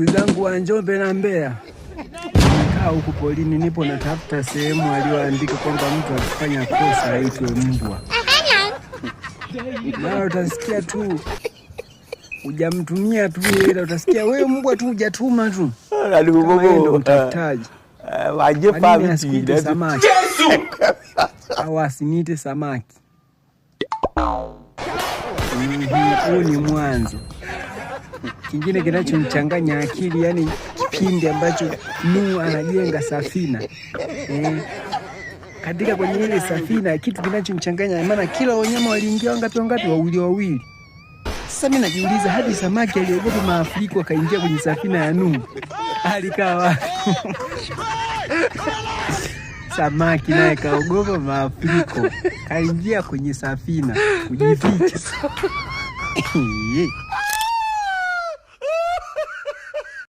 wenzangu wa Njombe na Mbeya, kaa huku polini, nipo natafuta sehemu aliyoandika kwamba mtu akifanya kosa aitwe mbwa, mara utasikia tu ujamtumia tu, ila utasikia wewe mbwa tu ujatuma tu, ndo mtafutaji eh, eh, samaki au asiniite samaki. Huu ni mwanzo. Kingine kinachomchanganya akili, yani kipindi ambacho Nuhu anajenga safina eh, katika kwenye ile safina kitu kinachomchanganya maana kila wanyama waliingia wangapi wangapi? Wawili wawili. Sasa mimi najiuliza hadi samaki aliogopa maafuriko akaingia kwenye safina ya Nuhu alikawa samaki naye kaogopa maafriko kaingia kwenye safina kujificha.